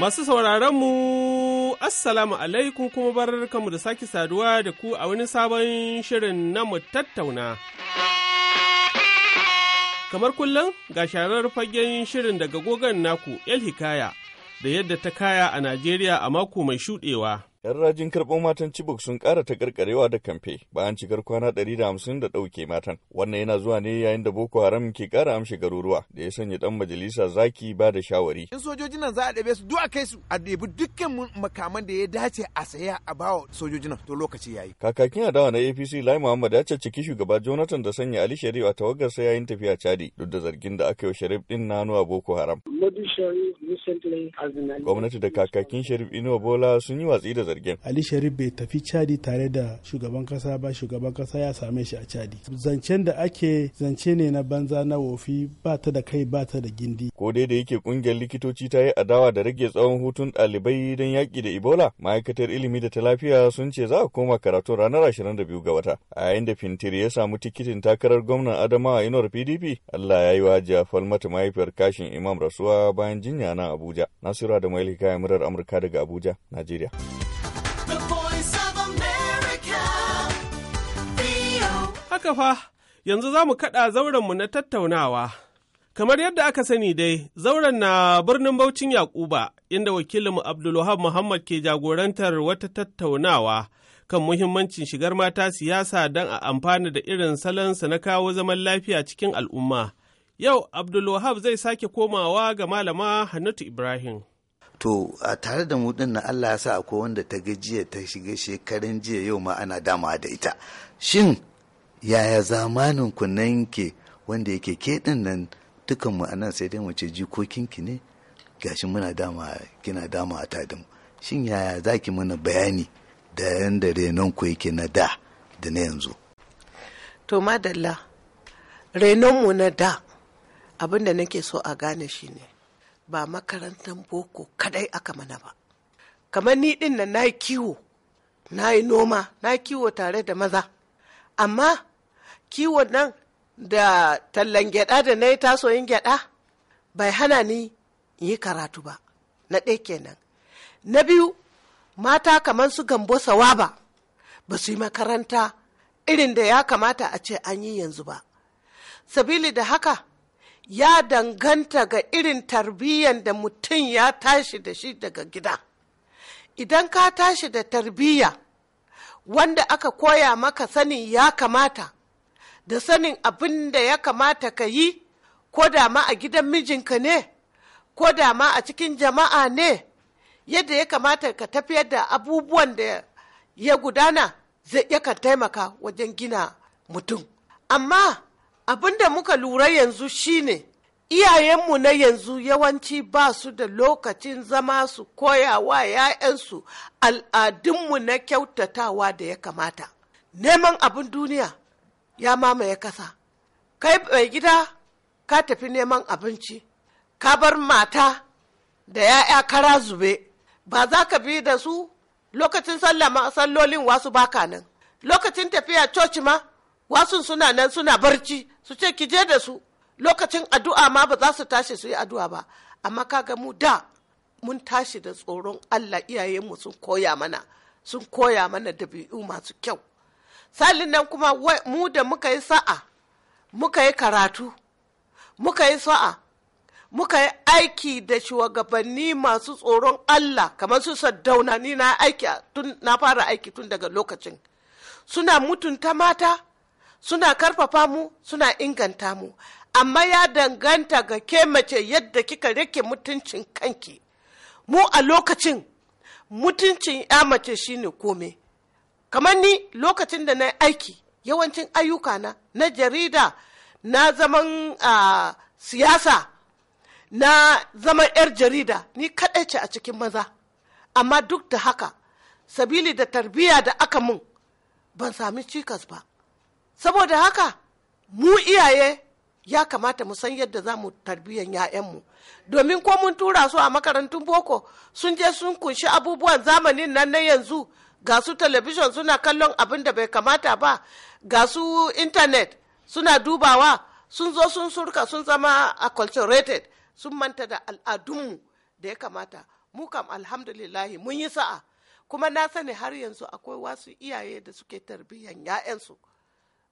Masu sauraronmu, Assalamu alaikum kuma barkanmu da sake saduwa da ku a wani sabon shirin na mu tattauna. Kamar kullum ga sharar fagen shirin daga gogon naku El Hikaya da yadda ta kaya a Najeriya a mako mai shuɗewa. 'Yan rajin karɓo matan cibok sun ƙara ta karkarewa da kamfe bayan cikar kwana ɗari da hamsin da ɗauke matan. Wannan yana zuwa ne yayin da Boko Haram ke ƙara amshe garuruwa da ya sanya ɗan majalisa zaki ba da shawari. In sojojin nan za a ɗabe su duk a kai su a ɗebi dukkan makaman da ya dace a saya a bawa sojojin nan to lokaci ya yi. Kakakin adawa na APC Lai Muhammad ya ciki shugaba Jonathan da sanya Ali Sharif a tawagarsa yayin tafiya cadi duk da zargin da aka yi wa Sharif ɗin na a Boko Haram. Gwamnati da kakakin Sharif Inuwa Bola sun yi watsi da zargin ali sharif bai tafi chadi tare da shugaban kasa ba shugaban kasa ya same shi a chadi zancen da ake zance ne na banza na wofi ba ta da kai ba ta da gindi ko dai da yake kungiyar likitoci ta yi adawa da rage tsawon hutun ɗalibai don yaƙi da ebola ma'aikatar ilimi da ta lafiya sun ce za a koma karatu ranar 22 ga wata a yayin da fintiri ya samu tikitin takarar gwamnan adamawa inuwar pdp allah ya yi wa Hajiya mata mahaifiyar kashin imam rasuwa bayan jinya na abuja nasiru da mailika ya murar amurka daga abuja najeriya haka fa, yanzu za mu kaɗa zaurenmu na tattaunawa. Kamar yadda aka sani dai, zauren na birnin Baucin Yakuba, inda wakilinmu Abdulwahab Muhammad ke jagorantar wata tattaunawa kan muhimmancin shigar mata siyasa don a amfana da irin salansa na kawo zaman lafiya cikin al'umma. Yau Abdulwahab zai sake komawa ga malama Hannatu Ibrahim. To, a tare da mu na Allah ya sa a wanda ta gajiya ta shiga shekarun jiya yau ma ana dama da ita. Shin yaya zamanin ku nan ke wanda yake ke din nan dukkan mu anan sai dai mu jikokin ki ne gashi muna dama kina dama a mu? shin yaya zaki mana bayani da yanda renon ku yake na da da na yanzu to madalla renon mu na da abin da nake so a gane shi ne ba makarantar boko kadai aka mana ba kamar ni din na yi kiwo na yi noma na kiwo tare da maza amma kiwon nan da tallan gyaɗa da na yi tasoyin gyaɗa bai hana ni in yi karatu ba na ɗaya kenan na biyu mata kamar su gambo sawaba ba su yi makaranta irin da ya kamata a ce an yi yanzu ba sabili da haka ya danganta ga irin tarbiyyar da mutum ya tashi da shi daga gida idan ka tashi da tarbiyya wanda aka koya maka sani ya kamata da sanin abin da ya kamata ka yi ko da ma a gidan mijinka ne ko da ma a cikin jama'a ne yadda ya kamata ka tafiyar da abubuwan da ya gudana zai yakan taimaka wajen gina mutum amma abin da muka lura yanzu shine iyayenmu na yanzu yawanci ba su da lokacin zama su koya wa 'ya'yansu al'adunmu na kyautatawa da ya kamata neman abin duniya ya mamaye kasa kai bai gida ka tafi neman abinci ka bar mata da ya'ya kara zube ba za ka bi da su lokacin sallolin wasu baka nan lokacin tafiya coci ma wasu suna nan suna barci su ce ki je da su lokacin addu'a ma ba za su tashi su yi addu'a ba amma ka ga mu da mun tashi da tsoron Allah iyayenmu sun koya mana sun koya mana dabi'u masu kyau salin nan kuma mu da muka yi sa'a muka yi karatu muka yi sa'a muka yi aiki da shugabanni masu tsoron Allah kamar su saddauna ni na aiki tun na fara aiki tun daga lokacin suna mutunta mata suna karfafa mu suna inganta mu amma ya danganta ga ke mace yadda kika rike mutuncin kanki mu a lokacin mutuncin ya mace shine komai. kamar ni lokacin da na aiki yawancin ayyuka na na jarida na zaman siyasa na zaman 'yar jarida ni kaɗai ce a cikin maza amma duk da haka sabili da tarbiyya da aka mun ban sami cikas ba saboda haka mu iyaye ya kamata mu san yadda za mu tarbiyyar 'ya'yanmu domin ko mun tura su a makarantun boko sun je sun kunshi abubuwan zamanin nan na yanzu ga su talabijin suna kallon abin da bai kamata ba ga su intanet suna dubawa sun zo sun surka sun zama acculturated sun manta da al'adunmu da ya kamata mu kam alhamdulillahi mun yi sa'a kuma na sani har yanzu akwai wasu iyaye da suke tarbiyyar 'ya'yansu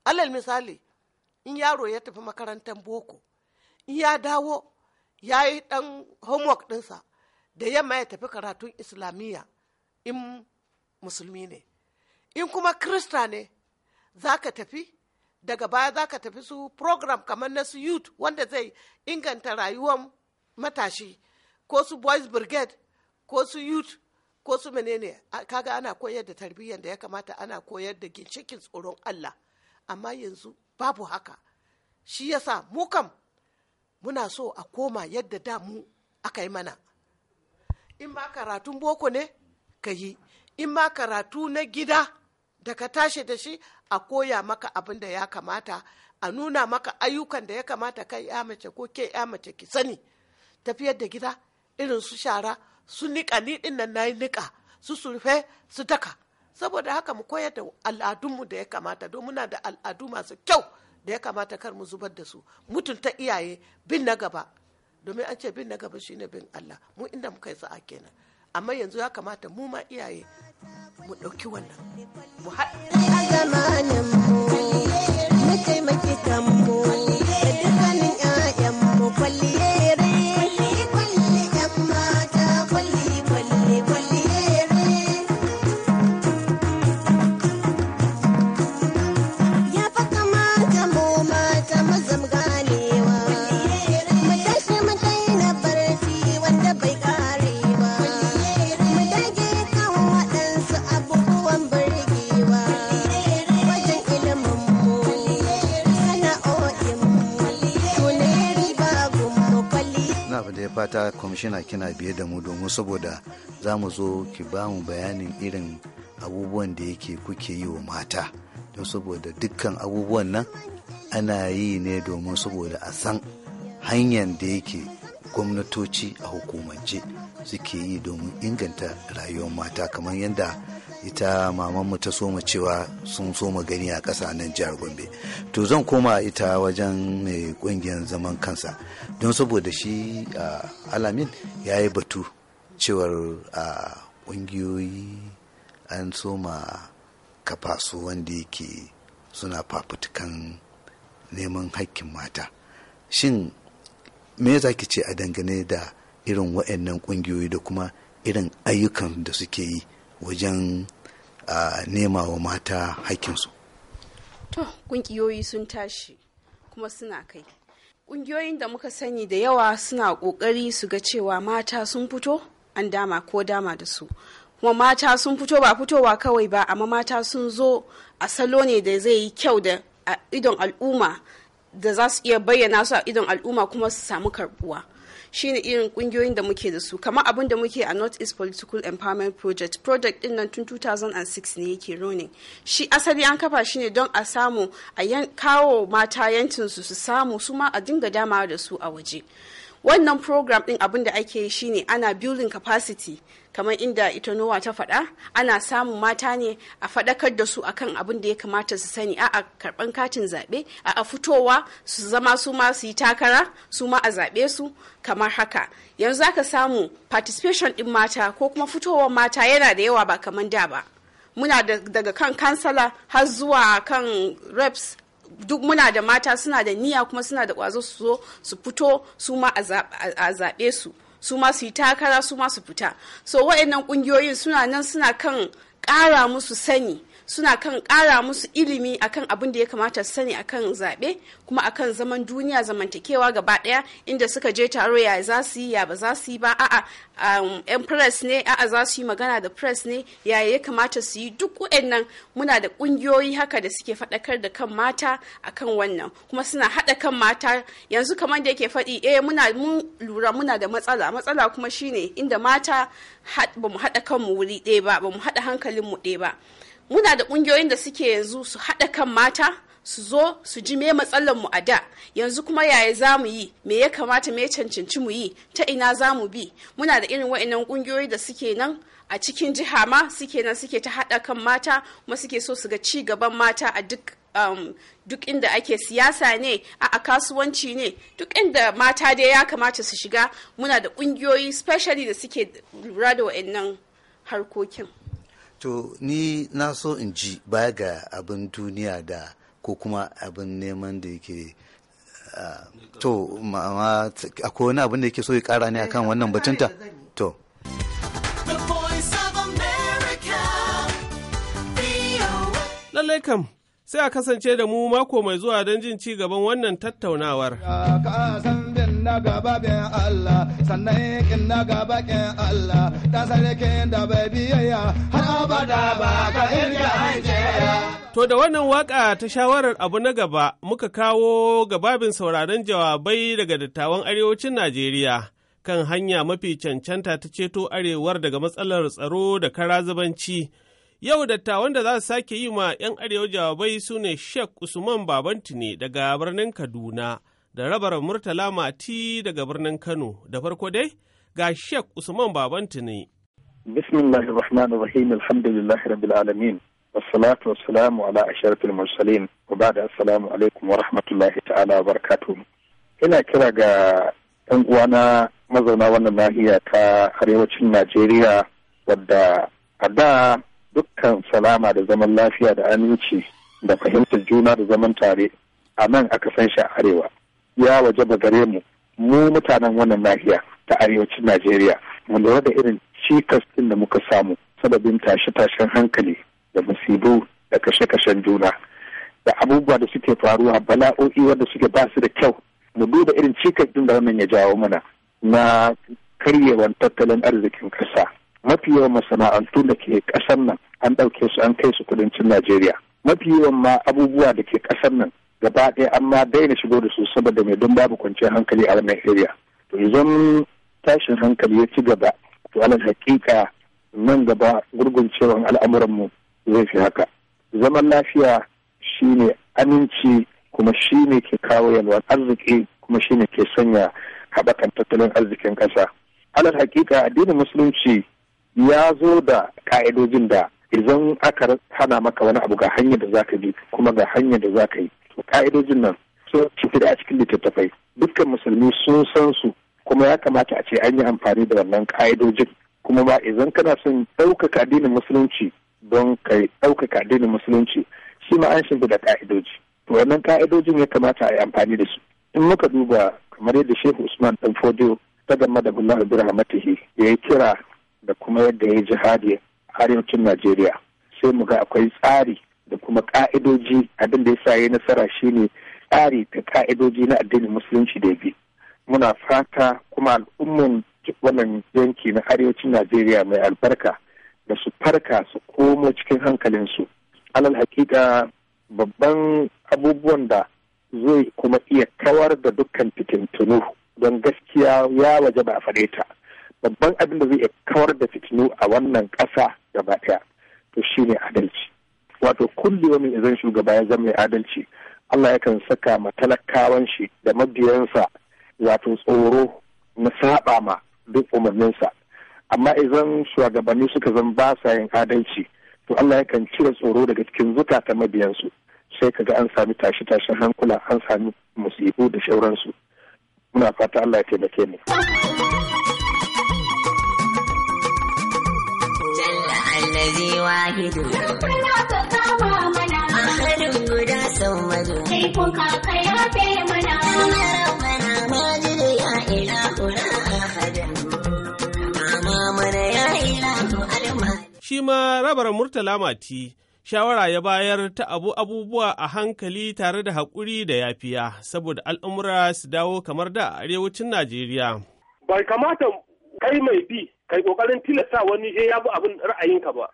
alal misali in yaro ya tafi makarantar boko in ya dawo ya yi dan homework ɗinsa da yamma ya tafi karatun islamiyya in musulmi ne in kuma krista ne za ka tafi daga baya za ka tafi su program kamar na su youth wanda zai inganta rayuwar matashi ko su boys brigade ko su youth ko su menene kaga ana koyar da tarbiyyar da ya kamata ana koyar da ginshikin tsoron Allah amma yanzu babu haka shi yasa mu kam muna so a koma yadda da mu aka yi mana in ma karatun boko ne ka yi in ma karatu na gida da ka tashi da shi a koya maka abin da ya kamata a nuna maka ayyukan da ya kamata kai ya mace ko ke ya mace ki sani tafiyar da gida irin su shara su niƙa ni ɗin nan na yi niƙa su surfe su daka saboda haka mu koyar da al'adunmu da ya kamata don muna da al'adu masu kyau da ya kamata kar mu zubar da su mutunta iyaye bin na gaba domin an ce bin na gaba shine bin Allah mu inda muka yi sa'a kenan amma yanzu ya kamata mu ma iyaye mu ɗauki wannan mu haɗa. shina kina biye da mu domin saboda za mu zo ki ba mu bayanin irin abubuwan da yake kuke yi wa mata don saboda dukkan abubuwan nan ana yi ne domin saboda a san hanyar da yake gwamnatoci a hukumance suke yi domin inganta rayuwar mata kamar yadda ita maman mu ta soma cewa sun soma gani a ƙasa nan jihar gombe to zan koma ita wajen mai ƙungiyar zaman kansa don saboda shi alamin ya yi batu cewar a ƙungiyoyi an soma kafa su wanda yake suna fafutukan neman haƙƙin mata shin me za ki ce a dangane da irin wa'annan ƙungiyoyi da kuma irin ayyukan da suke yi wajen nema wa mata haƙƙinsu. To, ƙungiyoyi sun tashi kuma suna kai. Ƙungiyoyin da muka sani da yawa suna ƙoƙari su ga cewa mata sun fito an dama ko dama da su. Kuma mata sun fito ba fitowa kawai ba, amma mata sun zo a salo ne da zai yi kyau da idon al'umma da za su iya bayyana su a idon al'umma kuma su samu karɓuwa shine irin kungiyoyin da muke da su kamar abin da muke a north east political empowerment project project din nan tun 2006 ne yake running shi asali an kafa shi ne don a samu a kawo mata yancinsu su samu su ma a dinga dama da su a waje wannan program din abin da ake yi shine ana building capacity kamar inda ita nowa ta faɗa ana samun mata ne a faɗakar da su akan abin da ya kamata su sani a a karɓan katin zaɓe a a fitowa su zama su ma su yi takara su ma a zaɓe su kamar haka yanzu zaka samu participation din mata ko kuma fitowar mata yana da yawa ba kamar da ba muna daga kan kansala har zuwa kan reps duk muna da mata suna da niyya kuma suna da kwazo su zo su fito su ma a zaɓe su su ma su yi takara su ma su fita so waɗannan ƙungiyoyin suna nan suna kan ƙara musu sani suna kan ƙara musu ilimi akan abin da ya kamata su sani akan zaɓe kuma akan zaman duniya zamantakewa gaba ɗaya inda suka je taro ya za su yi ya ba za su yi ba a'a um, yan press ne a'a za su yi magana da press ne ya ya kamata su yi duk wa'annan muna da ƙungiyoyi haka da suke faɗakar da kan mata akan wannan kuma suna haɗa kan mata yanzu kamar da yake faɗi eh muna mun lura muna da matsala matsala kuma shine inda mata ba mu haɗa kanmu wuri ɗaya ba ba mu haɗa hankalinmu ɗaya ba muna da ƙungiyoyin da suke yanzu su haɗa kan mata su zo su ji me matsalar mu a da yanzu kuma yaya za mu yi me ya kamata me cancanci mu yi ta ina za mu bi muna da irin wa'annan ƙungiyoyi da suke nan a cikin jiha ma suke nan suke ta haɗa kan mata kuma suke so su ga ci gaban mata a duk um, duk inda ake siyasa ne a, kasuwanci ne duk inda mata dai ya kamata su shiga muna da ƙungiyoyi specially da suke lura da wa'annan harkokin To ni na so in ji baya ga abin duniya da ko kuma abin neman da yake ah, to mama akwai wani abin da yake so ya kara ne akan wannan batunta to lallai kam sai a kasance da mu mako mai zuwa don jin ci gaban wannan tattaunawar. kinna gaba bin Allah sannan kinna gaba kin Allah sare sarkin da bai biyayya har abada ba ka irga hanjeya To da wannan waka ta shawarar abu na gaba muka kawo gababin sauraron jawabai daga dattawan arewacin Najeriya kan hanya mafi cancanta ta ceto arewar daga matsalar tsaro da karazabanci Yau dattawan da za su sake yi ma 'yan arewa jawabai su ne Sheikh Usman Babantini daga birnin Kaduna da rabar Murtala Mati daga birnin Kano da farko dai ga Sheikh Usman babanta ne. Bismillahir Rahmanir Rahim Alhamdulillahi Rabbil Alamin Wassalatu wassalamu ala asharfil mursalin wa ba'da assalamu alaikum wa rahmatullahi ta'ala wa barakatuh. Ina kira ga ɗan uwana mazauna wannan nahiya ta arewacin Najeriya wadda a da dukkan salama da zaman lafiya da aminci da fahimtar juna da zaman tare a nan aka san shi a arewa ya waje ba gare mu mu mutanen wannan nahiya ta arewacin najeriya mu lura da irin cikas ɗin da muka samu sababin tashe-tashen hankali da musibu da kashe-kashen juna da abubuwa da suke faruwa bala'o'i wanda suke ba su da kyau mu duba irin cikas ɗin da wannan ya jawo mana na karyewan tattalin arzikin ƙasa mafi yawan masana'antu da ke ƙasar nan an ɗauke su an kai su kudancin najeriya mafi yawan ma abubuwa da ke ƙasar nan gaba ɗaya an ma daina shigo da su saboda mai don babu kwanciyar hankali a wannan area to idan tashin hankali ya ci gaba to alal hakika nan gaba gurguncewan al'amuranmu zai fi haka zaman lafiya shine aminci kuma shine ke kawo yalwar arziki kuma shine ke sanya haɓakan tattalin arzikin ƙasa alal hakika addinin musulunci ya zo da ka'idojin da idan aka hana maka wani abu ga hanyar da zaka bi kuma ga hanyar da zaka yi ka'idojin nan sun fitiri a cikin littattafai dukkan musulmi sun san su kuma ya kamata a ce an yi amfani da wannan ka'idojin kuma ba idan kana son ɗaukaka addinin musulunci don ka ɗaukaka addinin musulunci shi ma an da ka'idoji to wannan ka'idojin ya kamata a yi amfani da su in muka duba kamar yadda shehu usman dan fodio ta gama da bullar birhamatihi ya yi kira da kuma yadda ya yi jihadi a arewacin najeriya sai mu ga akwai tsari da kuma ka'idoji abin da ya sa ya nasara shine tsari ta ka'idoji na addinin musulunci da bi muna fata kuma al'umman wannan yanki na arewacin najeriya mai albarka da su farka su komo cikin hankalinsu alal hakika babban abubuwan da zai kuma iya kawar da dukkan fitintunu don gaskiya ya waje ba a faɗe ta babban abin da zai iya kawar da fitinu a wannan ƙasa gaba ɗaya to shine adalci wato kullewa mai izan shugaba ya zama mai adalci Allah yakan saka ma talakawan shi da mabiyansa wato tsoro na saba ma duk umarninsa amma idan shugabanni suka zama ba sa yin adalci to Allah yakan cire tsoro daga cikin zukata mabiyansu sai kaga an sami tashi tashin hankula an sami musibu da shauransu muna fata Allah ya taimake mu Jalla zo. Sai kuka mana. Rabbana ya ahadin. Mama mana ya alma. Shi ma rabar Murtala Mati shawara ya bayar ta abu abubuwa a hankali tare da haƙuri da yafiya saboda al'umura su dawo kamar da arewacin Najeriya. Bai kamata kai mai bi kai ƙoƙarin tilasta wani eh, ya bi abin ra'ayinka ba.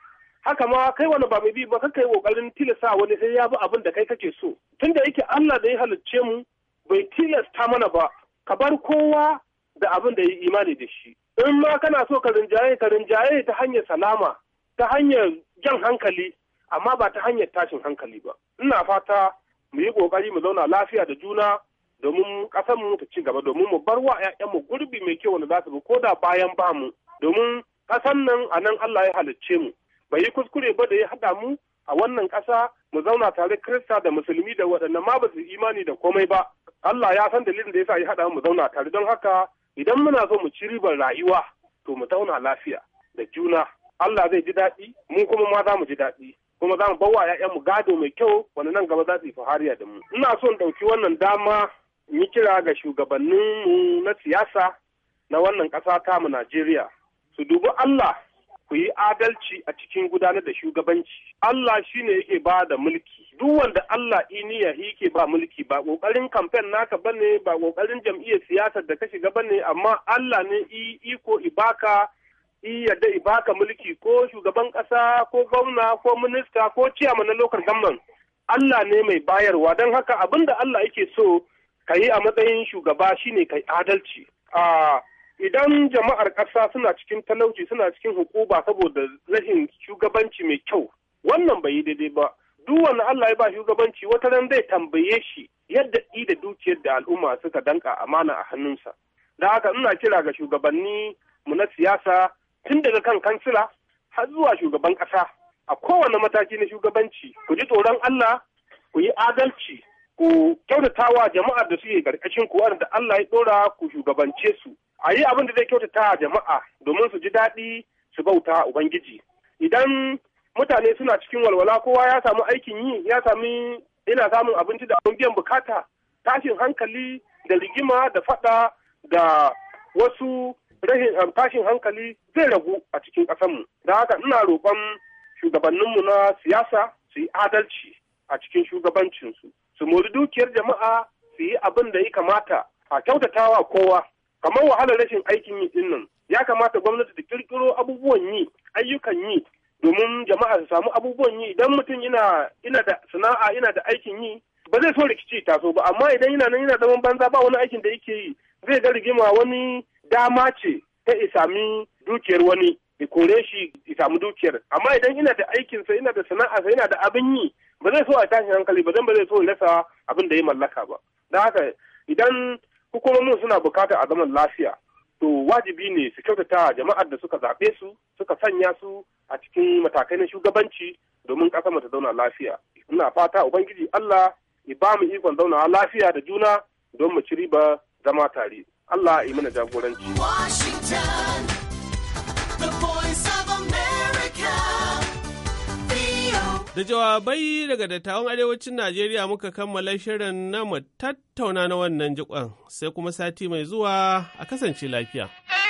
haka ma kai wani ba mai bi ba kai kokarin tilasta wani sai ya bi abin da kai kake so tunda yake Allah da ya halicce mu bai tilasta mana ba ka bar kowa da abin da ya imani da shi in ma kana so ka rinjaye ka rinjaye ta hanyar salama ta hanyar jan hankali amma ba ta hanyar tashin hankali ba ina fata mu yi kokari mu zauna lafiya da juna domin kasan mu ta ci gaba domin mu bar wa mu gurbi mai kyau wanda za su bi ko da bayan mu, domin kasan nan a nan Allah ya halicce mu bai yi kuskure ba da ya haɗa mu a wannan ƙasa mu zauna tare Kirista da Musulmi da waɗanda ma ba su imani da komai ba. Allah ya san dalilin da yasa ya haɗa mu zauna tare don haka idan muna so mu ci ribar rayuwa to mu zauna lafiya da juna. Allah zai ji daɗi mu kuma ma za mu ji daɗi. kuma za mu bawa mu gado mai kyau wani nan gaba za su yi fahariya da mu. Ina so in ɗauki wannan dama in yi kira ga shugabanninmu na siyasa na wannan ƙasa tamu Najeriya. Su dubi Allah ku yi adalci a cikin gudanar da shugabanci. Allah shi ne yake ba da mulki. Duk wanda Allah iniya yake ba mulki ba ƙoƙarin kamfen naka bane ba ƙoƙarin jam'iyyar siyasar da ka shiga bane amma Allah ne iko ibaka yadda ibaka mulki ko shugaban ƙasa ko gwamna ko minista ko ciyama na lokar gamban Allah ne mai bayarwa don haka abin da Allah yake so ka yi a matsayin shugaba shine ka adalci. Ah, idan jama'ar ƙasa suna cikin talauci suna cikin hukuma saboda rashin shugabanci mai kyau wannan bai yi daidai ba duk wani Allah ya ba shugabanci wata ran zai tambaye shi yadda i da dukiyar da al'umma suka danka amana a hannunsa da haka ina kira ga shugabanni mu na siyasa tun daga kan kansila har zuwa shugaban ƙasa a kowane mataki na shugabanci ku ji tsoron Allah ku yi adalci ku kyautatawa jama'ar da suke ƙarƙashin ku da Allah ya ɗora ku shugabance su a yi abin da zai kyautata jama'a domin su ji daɗi su bauta ubangiji idan mutane suna cikin walwala kowa ya samu aikin yi ya sami ina samun abinci da abin biyan bukata tashin hankali da rigima da fada da wasu rahin tashin hankali zai ragu a cikin ƙasarmu da haka ina roƙon shugabanninmu na siyasa su yi adalci a cikin shugabancinsu su mori dukiyar jama'a su yi abin da ya kamata a kyautatawa kowa kamar wahalar rashin aikin yi din ya kamata gwamnati ta kirkiro abubuwan yi ayyukan yi domin jama'a su samu abubuwan yi idan mutum ina ina da sana'a ina da aikin yi ba zai so rikici taso ba amma idan yana nan yana zaman banza ba wani aikin da yake yi zai ga rigima wani dama ce ta isami dukiyar wani ya kore shi ya samu dukiyar amma idan ina da aikinsa ina da sa ina da abin yi ba zai so a tashi hankali ba zan ba zai so rasa abin da ya mallaka ba don haka idan hukumomin suna bukatar a zaman lafiya to wajibi ne su kyautata jama'ar da suka zaɓe su suka sanya su a cikin matakai na shugabanci domin ƙasar mu ta zauna lafiya ina fata ubangiji Allah ya ba mu ikon zauna lafiya da juna don mu ci riba zama tare Allah ya mana jagoranci Washington Da jawabai daga dattawan arewacin Najeriya muka kammala shirin na mu tattauna na wannan jikon sai kuma sati mai zuwa a kasance lafiya.